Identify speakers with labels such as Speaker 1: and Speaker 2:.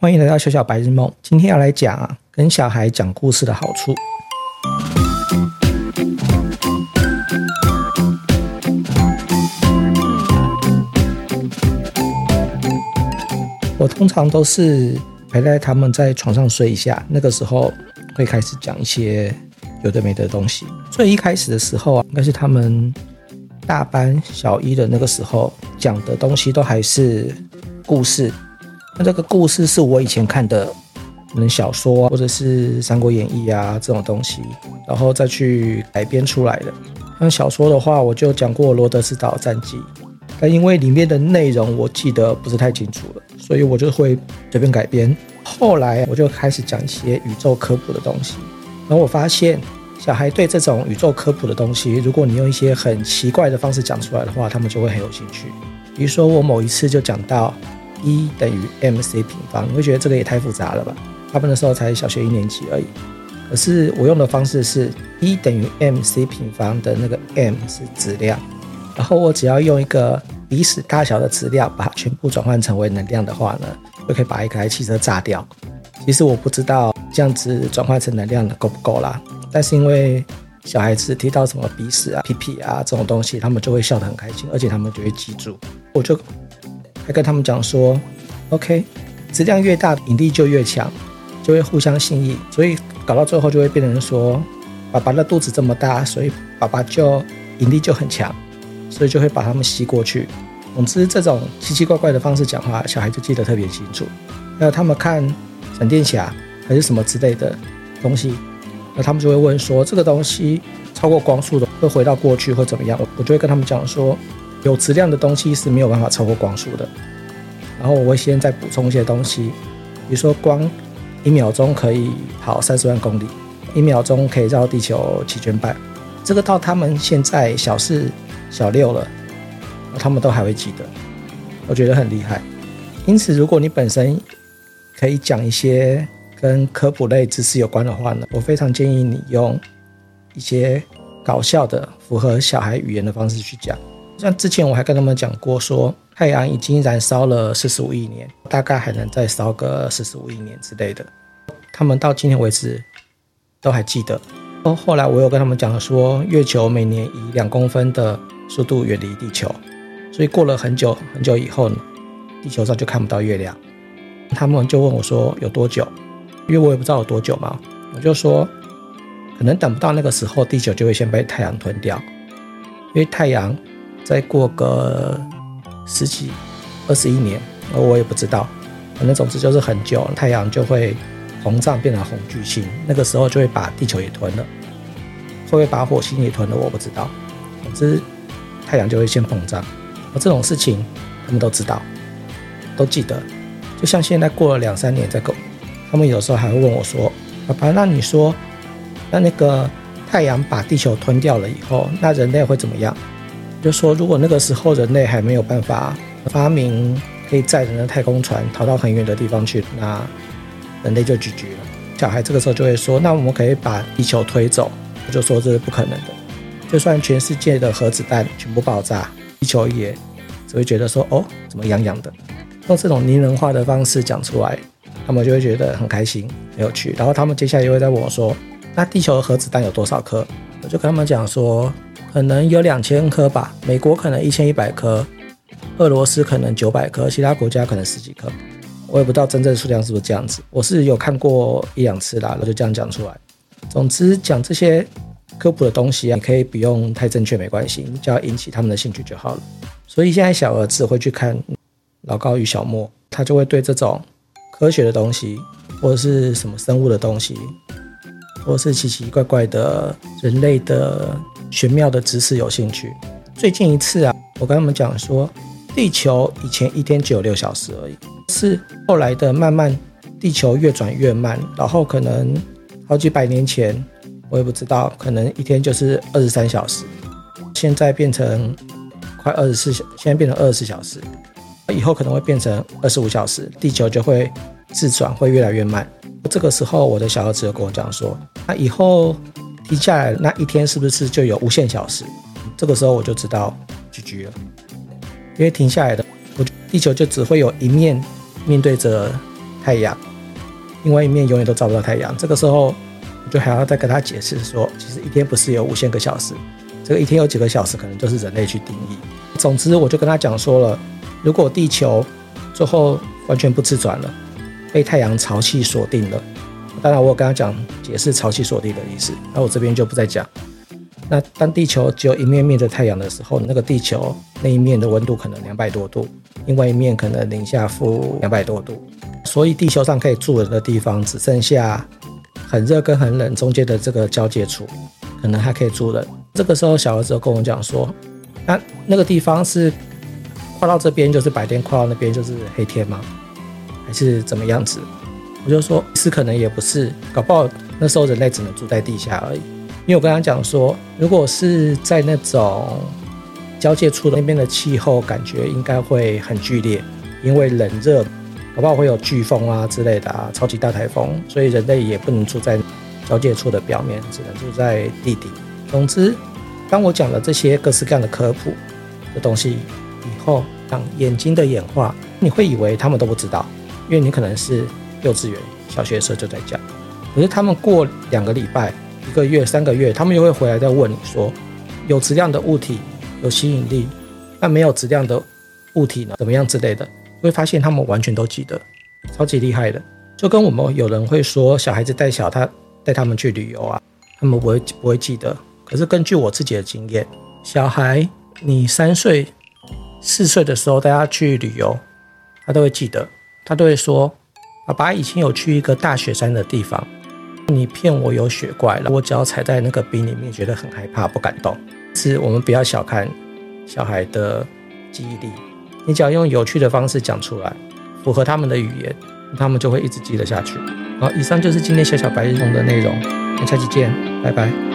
Speaker 1: 歡迎來到小小白日夢。今天要來講啊，跟小孩講故事的好處。我通常都是陪在他們在床上睡一下，那個時候會開始講一些有的沒的東西。所以一開始的時候啊，應該是他們大班、小一的那個時候，講的東西都還是故事。那這個故事是我以前看的，可能小說啊，或者是《三國演義》啊這種東西，然後再去改編出來的。像小說的話，我就講過《羅德斯島戰記》，但因為裡面的內容我記得不是太清楚了，所以我就會隨便改編。後來我就開始講一些宇宙科普的東西，然後我發現小孩對這種宇宙科普的東西，如果你用一些很奇怪的方式講出來的話，他們就會很有興趣。比如說我某一次就講到。一等於 m c 平方，你會覺得這個也太複雜了吧？他們那時候才小學一年級而已。可是我用的方式是一等於 m c 平方的那個 m 是質量，然後我只要用一個鼻屎大小的質量，把全部轉換成為能量的話呢，就可以把一台汽車炸掉。其實我不知道這樣子轉換成能量夠不夠啦，但是因為小孩子提到什麼鼻屎啊、屁屁啊這種東西，他們就會笑得很開心，而且他們就會記住。我就。跟他們講說，OK，質量越大，引力就越強，就會互相吸引，所以搞到最後就會變成說，爸爸的肚子這麼大，所以爸爸就引力就很強，所以就會把他們吸過去。總之，這種奇奇怪怪的方式講話，小孩就記得特別清楚。那他們看閃電俠還是什麼之類的東西，那他們就會問說，這個東西超過光速的會回到過去或怎麼樣？我就會跟他們講說。有質量的東西是沒有辦法超過光速的。然後我會先再補充一些東西，比如說光一秒鐘可以跑三十萬公里，一秒鐘可以繞地球七圈半。這個到他們現在小四、小六了，他們都還會記得，我覺得很厲害。因此，如果你本身可以講一些跟科普類知識有關的話呢，我非常建議你用一些搞笑的、符合小孩語言的方式去講。像之前我還跟他們講過說，說太陽已經燃燒了四十五億年，大概還能再燒個四十五億年之類的。他們到今天為止都還記得。後來我又跟他們講說，月球每年以兩公分的速度遠離地球，所以過了很久很久以後呢，地球上就看不到月亮。他們就問我說有多久？因為我也不知道有多久嘛，我就說可能等不到那個時候，地球就會先被太陽吞掉，因為太陽。再過個十幾、二十一年，我也不知道，反正總之就是很久了，太陽就會膨脹變成紅巨星，那個時候就會把地球也吞了，會不會把火星也吞了，我不知道。總之，太陽就會先膨脹。而這種事情，他們都知道，都記得。就像現在過了兩三年再過，他們有時候還會問我說：“爸爸，那你說，那那個太陽把地球吞掉了以後，那人類會怎麼樣？”就說如果那個時候人類還沒有辦法發明可以載人的太空船逃到很遠的地方去，那人類就拒絕了。小孩這個時候就會說：“那我們可以把地球推走。”我就說這是不可能的，就算全世界的核子彈全部爆炸，地球也只會覺得說：“哦，怎麼癢癢的？”用這種擬人化的方式講出來，他們就會覺得很開心、很有趣。然後他們接下來又會再問我說：“那地球的核子彈有多少顆？”我就跟他們講說。可能有兩千顆吧，美國可能一千一百顆，俄羅斯可能九百顆，其他國家可能十幾顆，我也不知道真正數量是不是這樣子。我是有看過一兩次啦，那就這樣講出來。總之講這些科普的東西啊，你可以不用太正確，沒關係，只要引起他們的興趣就好了。所以現在小兒子會去看《老高與小莫》，他就會對這種科學的東西，或者是什麼生物的東西，或者是奇奇怪怪的人類的。玄妙的知識有興趣。最近一次啊，我跟他們講說，地球以前一天只有六小時而已，是後來的慢慢，地球越轉越慢，然後可能好幾百年前，我也不知道，可能一天就是二十三小時，現在變成快二十四小，現在變成二十四小時，以後可能會變成二十五小時，地球就會自轉會越來越慢。這個時候，我的小兒子就跟我講說，那以後。停下來，那一天是不是就有無限小時？這個時候我就知道 GG 了，因為停下來的，我地球就只會有一面面對着太陽，另外一面永遠都照不到太陽。這個時候我就還要再跟他解釋說，其實一天不是有無限個小時，這個一天有幾個小時可能就是人類去定義。總之我就跟他講說了，如果地球最後完全不自轉了，被太陽潮汐鎖定了。當然，我剛剛講解釋潮汐鎖定的意思。那我這邊就不再講。那當地球只有一面面對太陽的時候，那個地球那一面的溫度可能兩百多度，另外一面可能零下負兩百多度。所以地球上可以住人的地方只剩下很熱跟很冷中間的這個交界處，可能還可以住人。這個時候小兒子跟我講說：“那那個地方是跨到這邊就是白天，跨到那邊就是黑天嗎？還是怎麼樣子？”我就說，是可能也不是，搞不好那時候人類只能住在地下而已。因為我剛剛講說，如果是在那種交界處的那邊的氣候，感覺應該會很劇烈，因為冷熱，搞不好會有颶風啊之類的啊，超級大台風，所以人類也不能住在交界處的表面，只能住在地底。總之，當我講了這些各式各樣的科普的東西以後，像眼睛的演化，你會以為他們都不知道，因為你可能是，幼稚園、小學的時候就在講，可是他們過兩個禮拜、一個月、三個月，他們又會回來再問你說：“有質量的物體有吸引力，那沒有質量的物體呢？怎麼樣之類的？”會發現他們完全都記得，超級厲害的。就跟我們有人會說，小孩子帶小他帶他們去旅遊啊，他們不會不會記得。可是根據我自己的經驗，小孩你三歲、四歲的時候帶他去旅遊，他都會記得，他都會說。爸爸以前有去一個大雪山的地方，你騙我有雪怪了，我只要踩在那個冰裡面，覺得很害怕，不敢動。但是我們不要小看小孩的記憶力，你只要用有趣的方式講出來，符合他們的語言，他們就會一直記得下去。好，以上就是今天小小白日夢的內容，我們下期見，拜拜。